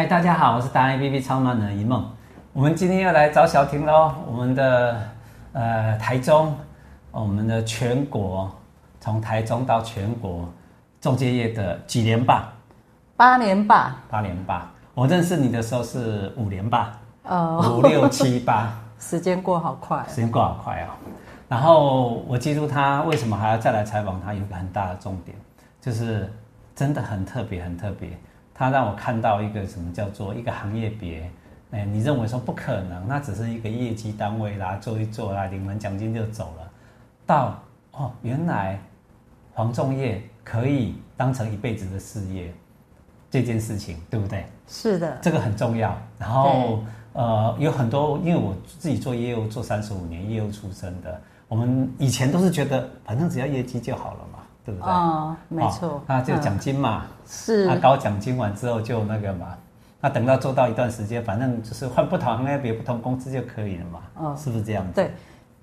嗨，Hi, 大家好，我是大安 B B 超慢的一夢。我們今天又來找小婷咯，我們的呃台中，我們的全國，從台中到全國，仲介業的幾年吧？八年吧。八年吧。我認識你的時候是五年吧？呃，五六七八，時間過好快。時間過好快哦。然後我記住他為什麼還要再來採訪他，有個很大的重點，就是真的很特別，很特別。他讓我看到一個什麼叫做一個行業別，哎，你認為說不可能，那只是一個業績單位啦，做一做啦，領完獎金就走了。到哦，原來房仲業可以當成一輩子的事業，這件事情對不對？是的，這個很重要。然後對呃，有很多，因為我自己做業務做三十五年業務出身的，我們以前都是覺得，反正只要業績就好了嘛。啊、哦，沒錯，他、哦、就獎金嘛，嗯、是他、啊、搞獎金完之後就那個嘛，那等到做到一段時間，反正就是換不同行業、不同工資就可以了嘛，嗯、哦，是不是這樣子？對，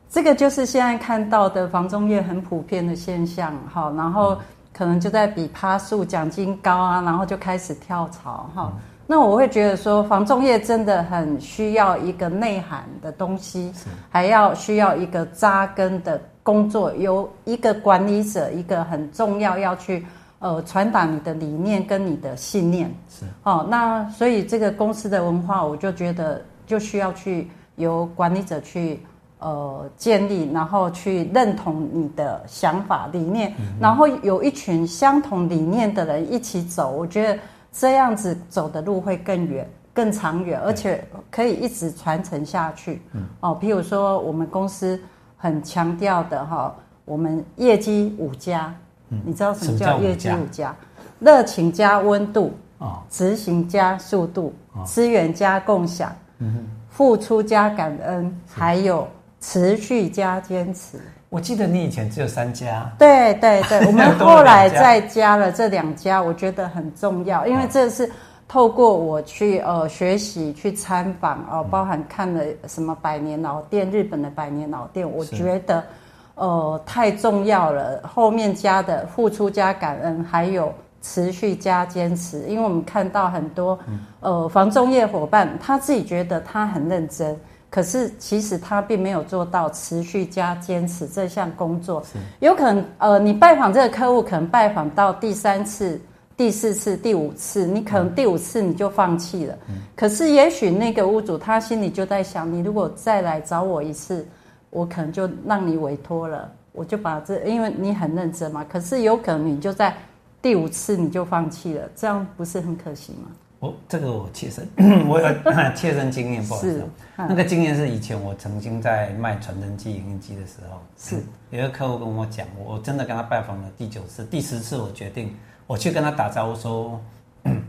這個就是現在看到的房仲業很普遍的現象哈、哦。然後可能就在比趴數獎金高啊，然後就開始跳槽哈。哦嗯、那我會覺得說，房仲業真的很需要一個內涵的東西，是還要需要一個紮根的。工作由一個管理者，一個很重要要去，呃，傳達你的理念跟你的信念是哦。那所以這個公司的文化，我就覺得就需要去由管理者去呃建立，然後去認同你的想法理念，嗯、哼然後有一群相同理念的人一起走。我覺得這樣子走的路會更遠、更長遠，而且可以一直傳承下去。嗯哦，譬如說我們公司，很強調的哈，我們業績五家。嗯、你知道什麼叫業績五家？熱情加溫度，哦，執行加速度，資源加共享，嗯、哼付出加感恩，是還有持續加堅持。我記得你以前只有三家，對對對，我們後來再加了這兩家，我覺得很重要，因為這是。透過我去呃學習去參訪啊、呃，包含看了什麼百年老店，日本的百年老店，是我覺得，呃，太重要了。後面加的付出加感恩，還有持續加堅持，因為我們看到很多呃房仲業夥伴，他自己覺得他很認真，可是其實他並沒有做到持續加堅持這項工作。是有可能呃，你拜訪這個客戶，可能拜訪到第三次。第四次、第五次，你可能第五次你就放棄了。嗯、可是也許那個屋主他心裡就在想：嗯、你如果再來找我一次，我可能就讓你委託了，我就把這，因為你很認真嘛。可是有可能你就在第五次你就放棄了，這樣不是很可惜嗎？我、哦、這個我切身， 我有切身經驗不好意思，嗯、那個經驗是以前我曾經在賣傳真機、影印機的時候，是、嗯、有一個客戶跟我講，我真的跟他拜訪了第九次、第十次，我決定。我去跟他打招呼說：“嗯、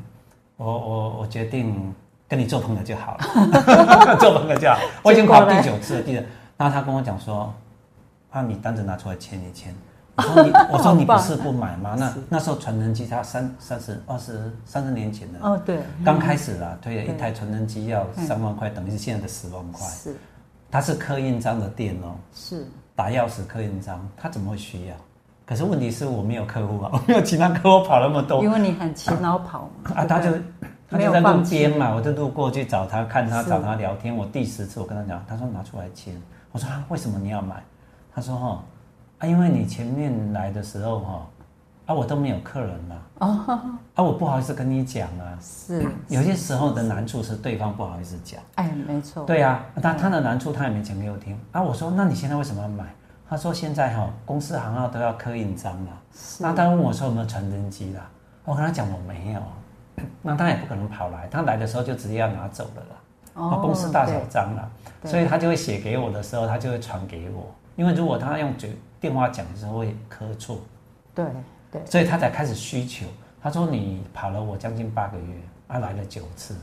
我我我決定跟你做朋友就好了， 做朋友就好。我已經跑第九次了。那他跟我講說：‘啊，你單子拿出來簽一簽。’我說你：‘我說你不是不買嗎？棒那是那時候傳真機他三三十、二十、三十年前的哦，對，嗯、剛開始啊，推了一台傳真機要三萬塊，對等於是現在的十萬塊。嗯、它是，他是刻印章的店哦，是打鑰匙刻印章，他怎麼會需要？”可是問題是我沒有客戶啊，我沒有其他客戶，跑那麼多。因為你很勤勞跑嘛。啊、啊，他就他就在路邊嘛，我就路過去找他，看他是找他聊天。我第十次我跟他講，他說拿出來簽。我說啊，為什麼你要買？他說哈啊，因為你前面來的時候哈啊，我都沒有客人了啊、哦、啊，我不好意思跟你講啊。是有些時候的難處是對方不好意思講。哎，沒錯。對啊，他、嗯、他的難處他也沒講給我聽啊。我說那你現在為什麼要買？他說：“現在哈、喔，公司行號都要刻印章了。是那他問我說有沒有傳真機了？我跟他講我沒有。那他也不可能跑來，他來的時候就直接要拿走了啦。Oh, 公司大小章了，所以他就會寫給我的時候，對他就會傳給我。因為如果他用嘴電話講的時候會刻錯，對對，所以他才開始需求。他說你跑了我將近八個月，他、啊、來了九次，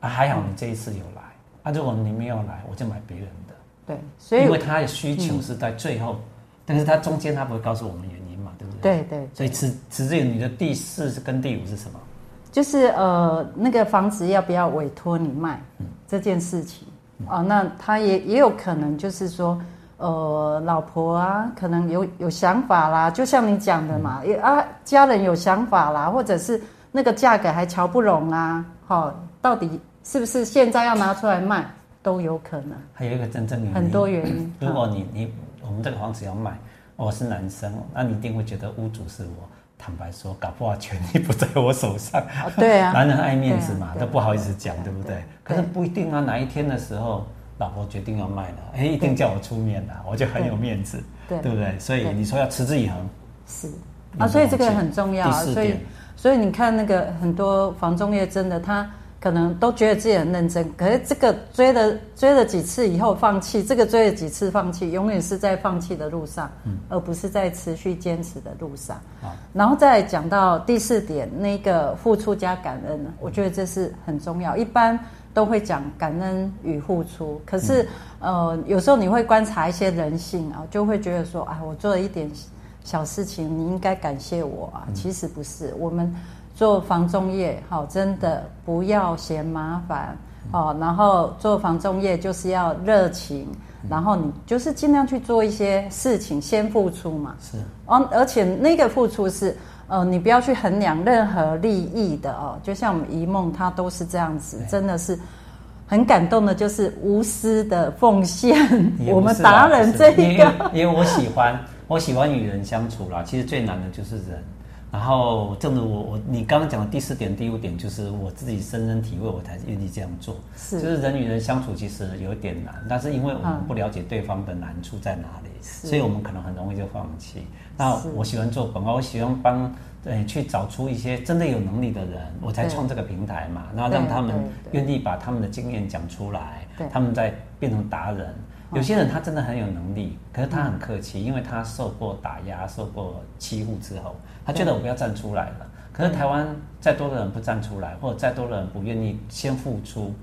啊還好你這一次有來。嗯、啊，如果你沒有來，我就買別人。”對，所以因為他的需求是在最後，嗯、但是他中間他不會告訴我們原因嘛，對不對？對對。對對，所以只此時你的第四是跟第五是什麼？就是呃，那個房子要不要委託你賣、嗯、這件事情、嗯、啊？那他也也有可能就是說，呃，老婆啊，可能有有想法啦，就像你講的嘛，也、嗯、啊，家人有想法啦，或者是那個價格還喬不攏啊，好、哦，到底是不是現在要拿出來賣？ 都有可能，還有一個真正的原因。很多原因，如果你你我們這個房子要賣，我是男生，那你一定會覺得屋主是我。坦白說，搞不好權利不在我手上。對啊，男人愛面子嘛，都不好意思講，對不對？可是不一定啊，哪一天的時候，老婆決定要賣了，哎，一定叫我出面了，我就很有面子，對不對？所以你說要持之以恆，是啊，所以這個很重要。第四點，所以你看那個很多房仲業真的他。可能都覺得自己很認真，可是這個追了追了幾次以後放棄，這個追了幾次放棄，永遠是在放棄的路上，嗯、而不是在持續堅持的路上。好然後再講到第四點，那個付出加感恩，我覺得這是很重要。一般都會講感恩與付出，可是，嗯、呃，有時候你會觀察一些人性啊，就會覺得說啊，哎，我做了一點。小事情你應該感謝我啊，其實不是，嗯、我們做房仲業好，真的不要嫌麻煩、嗯、哦。然後做房仲業就是要熱情，嗯、然後你就是盡量去做一些事情，先付出嘛。是，而、哦、而且那個付出是，呃，你不要去衡量任何利益的哦。就像我們一夢，他都是這樣子，對真的是很感動的，就是無私的奉獻。我們達人這一個因，因為我喜歡。我喜歡與人相處啦，其實最難的就是人。然後，正如我我你剛剛講的第四點、第五點，就是我自己深深體會，我才願意這樣做。是，就是人與人相處其實有一點難，但是因為我們不了解對方的難處在哪裡，嗯、所以我們可能很容易就放棄。是那我喜歡做廣告，我喜歡幫呃對、哎、去找出一些真的有能力的人，我才創這個平台嘛，那對讓他們願意把他們的經驗講出來，他們再變成達人。有些人他真的很有能力，對可是他很客氣，嗯、因為他受過打壓、受過欺負之後，他覺得我不要站出來了。對可是台灣再多的人不站出來，對或者再多的人不願意先付出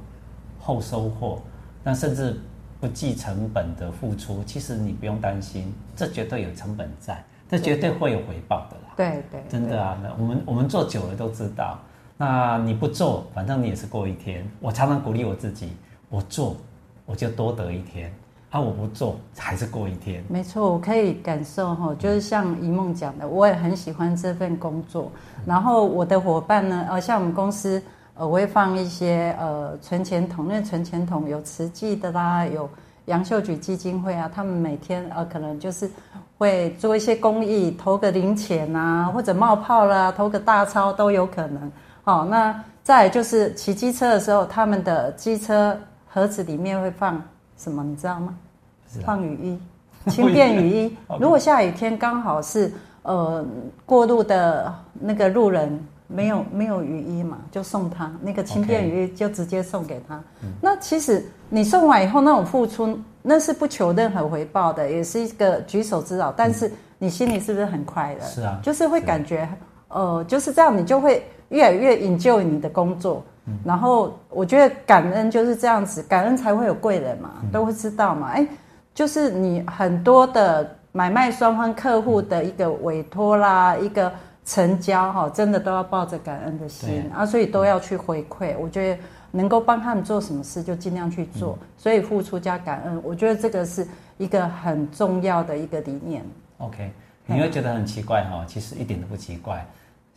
後收穫，那甚至不計成本的付出，其實你不用擔心，這絕對有成本在，對對對，這絕對會有回報的啦。對，對對，真的啊，那我們我們做久了都知道。那你不做，反正你也是過一天。我常常鼓勵我自己，我做我就多得一天。那、啊、我不做還是過一天，沒錯，我可以感受哈，就是像一夢講的，我也很喜歡這份工作。嗯、然後我的夥伴呢，呃，像我們公司，呃，我會放一些呃存錢筒，那存錢筒有慈濟的啦，有楊秀舉基金會啊，他們每天呃可能就是會做一些公益，投個零錢吶、啊，或者冒泡啦，投個大鈔都有可能。好、哦，那再就是騎機車的時候，他們的機車盒子裡面會放什麼，你知道嗎？放雨衣，輕便雨衣。Okay. 如果下雨天剛好是呃過路的那個路人沒有、mm hmm. 沒有雨衣嘛，就送他那個輕便雨衣，就直接送給他。Okay. 那其實你送完以後那種付出，那是不求任何回報的，也是一個舉手之勞。Mm hmm. 但是你心裡是不是很快樂？是啊、mm，hmm. 就是會感覺、mm hmm. 呃就是這樣，你就會越來越享受你的工作。Mm hmm. 然後我覺得感恩就是這樣子，感恩才會有貴人嘛，mm hmm. 都會知道嘛。哎、欸。就是你很多的買賣雙方客戶的一個委托啦，一個成交哈，真的都要抱着感恩的心對啊，啊、所以都要去回饋。我覺得能夠幫他們做什麼事，就儘量去做。所以付出加感恩，我覺得這個是一個很重要的一個理念、嗯吧。OK，你會覺得很奇怪哈，其實一點都不奇怪。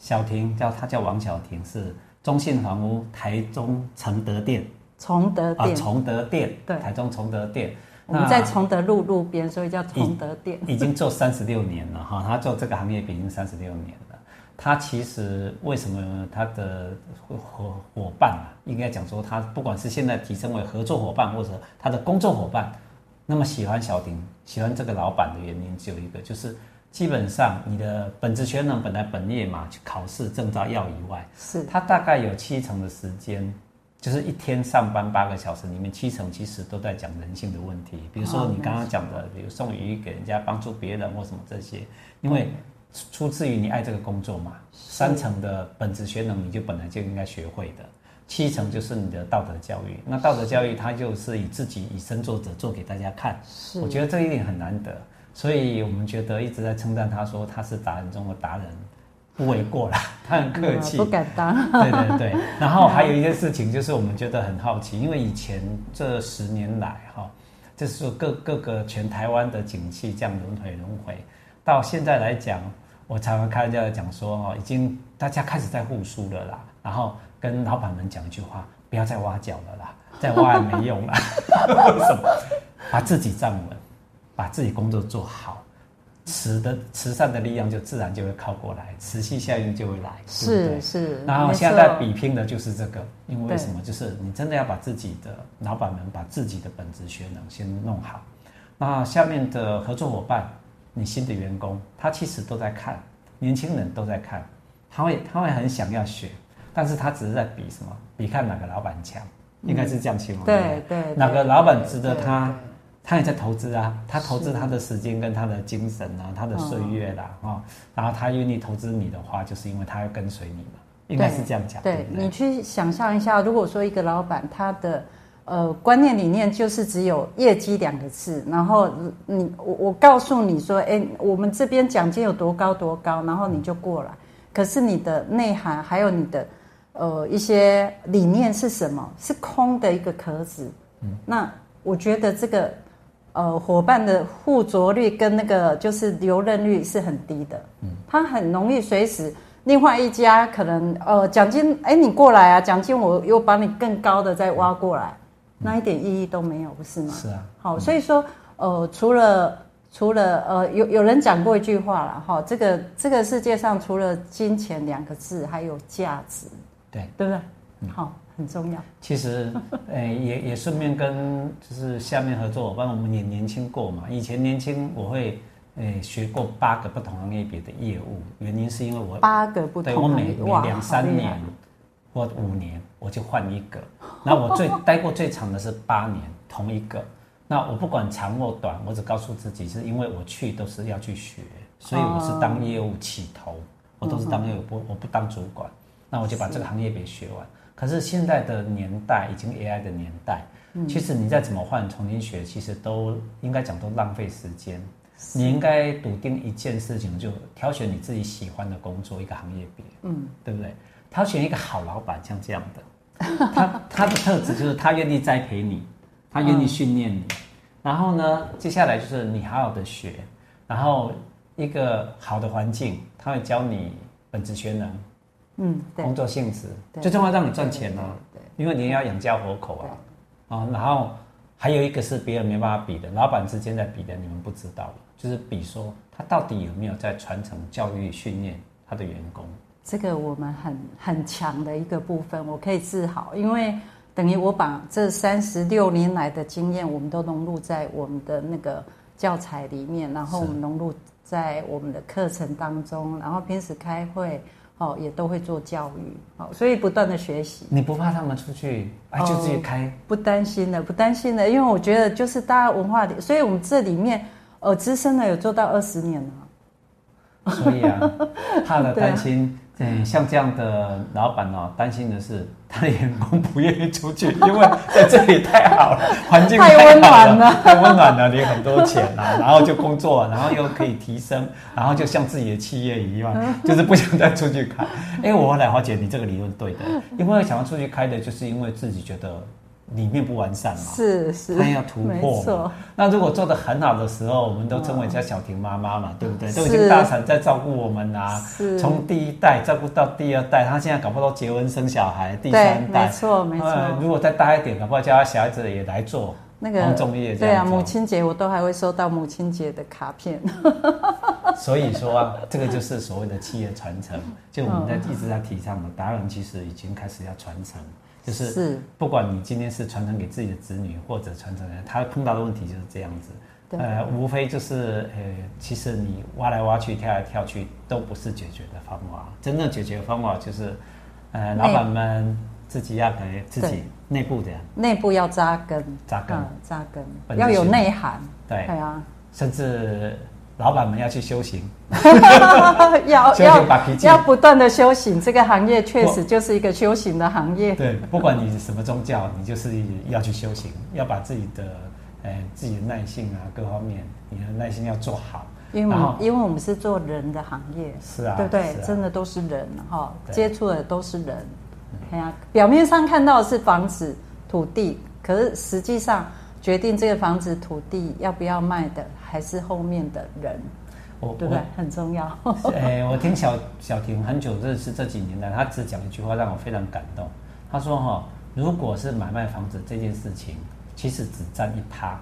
曉婷叫他叫王曉婷，是中信房屋台中崇德店。崇德啊，崇德店，對、呃，台中崇德店。對那我們在崇德路路邊，所以叫崇德店。 已經做三十六年了哈，他做這個行業已經三十六年了。他其實為什麼他的夥夥伴啊，應該講說，他不管是現在提升為合作夥伴，或者他的工作夥伴，那麼喜歡小婷，喜歡這個老板的原因只有一個，就是基本上你的本職圈能本來本業嘛，去考試證照要以外，是，他大概有七成的時間。就是一天上班八個小時，裡面七成其實都在講人性的問題。比如說你剛剛講的，啊、比如送魚給人家、幫助別人或什麼這些，因為出自於你愛這個工作嘛。嗯、三成的本職學能你就本來就應該學會的，是七成就是你的道德教育。是那道德教育他就是以自己以身作則，做給大家看。是，我覺得這一點很難得，所以我們覺得一直在稱讚他說，他是達人中的達人。不為過啦，他很客氣，不敢當。對對對，然後還有一件事情，就是我們覺得很好奇，因為以前這十年來，哈，就是各各個全台灣的景氣這樣輪回輪回，到現在來講，我常常看人家講說，已經大家開始在復甦了啦，然後跟老板們講一句話，不要再挖角了啦，再挖也沒用了， 什麼，把自己站穩，把自己工作做好。慈的慈善的力量就自然就會靠過來，持續效應就會來，是，對對是是。然後現在比拼的就是這個，沒錯 因為，為什麼？對 就是你真的要把自己的老闆們把自己的本職學能先弄好，那下面的合作伙伴、你新的員工，他其實都在看，年輕人都在看，他會他會很想要學，但是他只是在比什麼？比看哪個老闆強，嗯、應該是這樣情況，嗯、對，對，對對，對。哪個老闆值得他？對對對對。他也在投資啊，他投資他的時間跟他的精神啊，是他的歲月啦，啊，嗯、然後他願意投資你的話，就是因為他要跟隨你嘛，應該是這樣講。對，對，對你去想象一下，如果說一個老闆他的呃觀念理念就是只有業績兩個字，然後你我我告訴你說，哎，我們這邊獎金有多高多高，然後你就過來，嗯、可是你的內涵還有你的呃一些理念是什麼？是空的一個殼子。嗯、那我覺得這個。呃，夥伴的附着率跟那個就是留任率是很低的，嗯，他很容易隨時另外一家可能呃獎金哎你過來啊，獎金我又把你更高的再挖過來，嗯、那一點意義都沒有，不是嗎？是啊，嗯、好，所以說呃，除了除了呃，有有人講過一句話了哈、哦，這個這個世界上除了金錢兩個字，還有價值，對，對不對？嗯、好。很重要。其實，誒、欸，也也順便跟就是下面合作夥伴，我們也年輕過嘛。以前年輕，我會誒、欸、學過八個不同行業別的業務，原因是因為我八個不同、那個，我每兩三年或五年我就換一個。那我最待過最長的是八年，同一個。那我不管長或短，我只告訴自己，是因為我去都是要去學，所以我是當業務起頭，我都是當業務不、嗯、哼我不當主管，那我就把這個行業給學完。可是現在的年代，已經 AI 的年代，嗯、其實你再怎麼換，重新學，嗯、其實都應該講都浪費時間。是你應該篤定一件事情，就挑選你自己喜歡的工作，一個行業別，嗯，對不對？挑選一個好老闆，像這樣的，他 他的特質就是他願意栽培你，他願意訓練你。嗯、然後呢，接下來就是你好好的學，然後一個好的環境，他會教你本職學能。嗯，對工作性質最重要，讓你賺錢哦。對，對對對對，因為你要養家活口啊，對啊，然後還有一個是別人沒辦法比的，老闆之間在比的，你們不知道，就是比說，他到底有沒有在傳承教育訓練他的員工？這個我們很很強的一個部分，我可以自豪，因為等於我把這三十六年來的經驗，我們都融入在我們的那個教材裡面，然後我們融入在我們的課程當中，然後平時開會。哦，也都會做教育，好、哦，所以不斷的學習。你不怕他們出去、哦、啊，就自己開？不擔心的，不擔心的，因為我覺得就是大家文化，所以我們這裡面，呃，資深的有做到二十年了，所以啊， 怕了，擔心。嗯，像這樣的老闆哦、啊，擔心的是他的員工不願意出去，因為在這裡太好了，環境太溫暖了，太溫暖了，領很多錢啊，然後就工作了，然後又可以提升，然後就像自己的企業一樣，就是不想再出去開。哎， 我蘭華姐，你這個理論對的，因為想要出去開的，就是因為自己覺得。裡面不完善嘛？是是，他要突破。錯那如果做得很好的時候，我們都稱為叫小婷媽媽嘛，嗯、對不對？都是已經大產在照顧我們啊，從是第一代照顧到第二代，他現在搞不好結婚生小孩，第三代，沒錯、嗯、沒錯錯。如果再大一點，搞不好叫他小孩子也來做。那個對啊，母親節我都還會收到母親節的卡片。 所以說、啊，這個就是所謂的企業傳承，就我們在一直在提倡的達人，其實已經開始要傳承。就是，不管你今天是傳承給自己的子女，或者傳承人，他碰到的問題就是這樣子。對對對，呃，無非就是，呃，其實你挖來挖去，跳來跳去，都不是解決的方法。真正解決的方法就是，呃，內老闆們自己要給自己內對部的，內部要紮根，紮根、嗯，紮根，要有內涵。對，對啊，甚至。老闆們要去修行，要要要不斷的修行。這個行業確實就是一個修行的行業。我 對，不管你什麼宗教，你就是要去修行，要把自己的呃、哎、自己的耐性啊，各方面，你的耐心要做好。因為後因為我們是做人的行業，是啊，對不對？啊、真的都是人哈、哦，對接觸的都是人。看、哎、下，表面上看到的是房子土地，可是實際上決定這個房子土地要不要賣的。還是後面的人，我我對不對？很重要。哎、 欸，我聽小小婷很久，認識這幾年來。他只講一句話，讓我非常感動。他說、哦：“哈，如果是買賣房子這件事情，其實只佔一趴，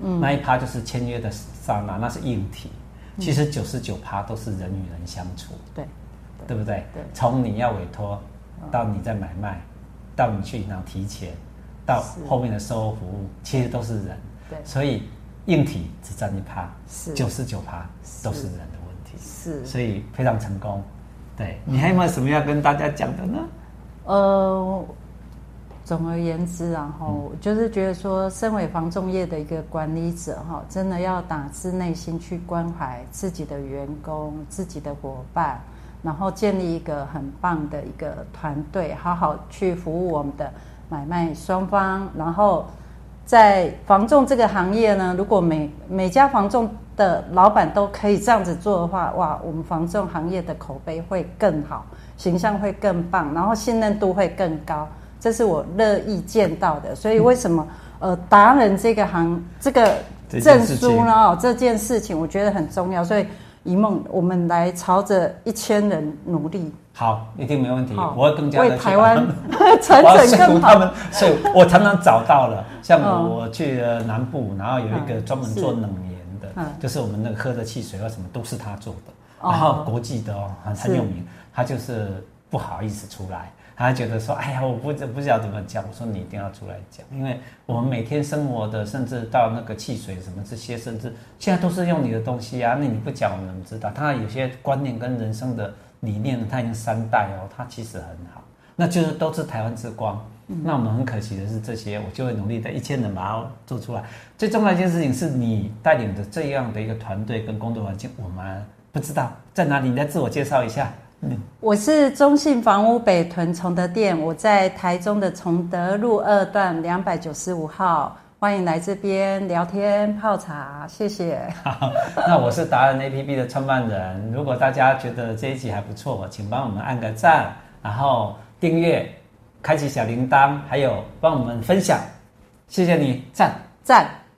嗯，那一趴就是簽約的剎那，那是硬體。嗯、其實九十九趴都是人與人相處，對，對，對不對？對，對從你要委託到你在買賣，哦、到你去銀行提錢，到後面的售後服務，是其實都是人。對，對所以。”硬體只占一趴，是九十九趴都是人的問題，是，是所以非常成功。對，你還有沒有什麼要跟大家講的呢？嗯？呃，總而言之，然後、嗯、就是覺得說，身為房仲業的一個管理者，哈，真的要打自內心去關懷自己的員工、自己的夥伴，然後建立一個很棒的一個團隊，好好去服務我們的買賣雙方，然後。在房仲這個行業呢，如果每每家房仲的老闆都可以這樣子做的話，哇，我們房仲行業的口碑會更好，形象會更棒，然後信任度會更高，這是我樂意見到的。所以為什麼呃，達人這個行這個證書呢？這件，這件事情我覺得很重要。所以一夢，我們來朝着一千人努力。好，一定沒問題。哦、我會更加的去為台灣，們整整我要說服他們，所以我常常找到了，像我,、哦、我去南部，然後有一個專門做冷飲的，嗯、是就是我們那個喝的汽水啊什麼都是他做的。嗯、然後國際的哦，很有名，是他就是不好意思出來，他覺得說：“哎呀，我不知不知道怎麼講。”我說：“你一定要出來講，因為我們每天生活的，甚至到那個汽水什麼這些，甚至現在都是用你的東西啊。那你不講，我們怎麼知道？他有些觀念跟人生的。”理念的太陽三代哦，它其實很好，那就是都是台灣之光。嗯、那我們很可惜的是，這些我就會努力的，一千人把它做出來。最重要的一件事情是你帶領的這樣的一個團隊跟工作環境，我們不知道在哪裡，你來自我介紹一下。嗯，我是中信房屋北屯崇德店，我在台中的崇德路二段兩百九十五號。歡迎來這邊聊天泡茶，謝謝。好，那我是達人 APP 的創辦人。 如果大家覺得這一集還不錯，請幫我們按個讚，然後訂閱，開啟小鈴鐺，還有幫我們分享，謝謝你，讚讚。讚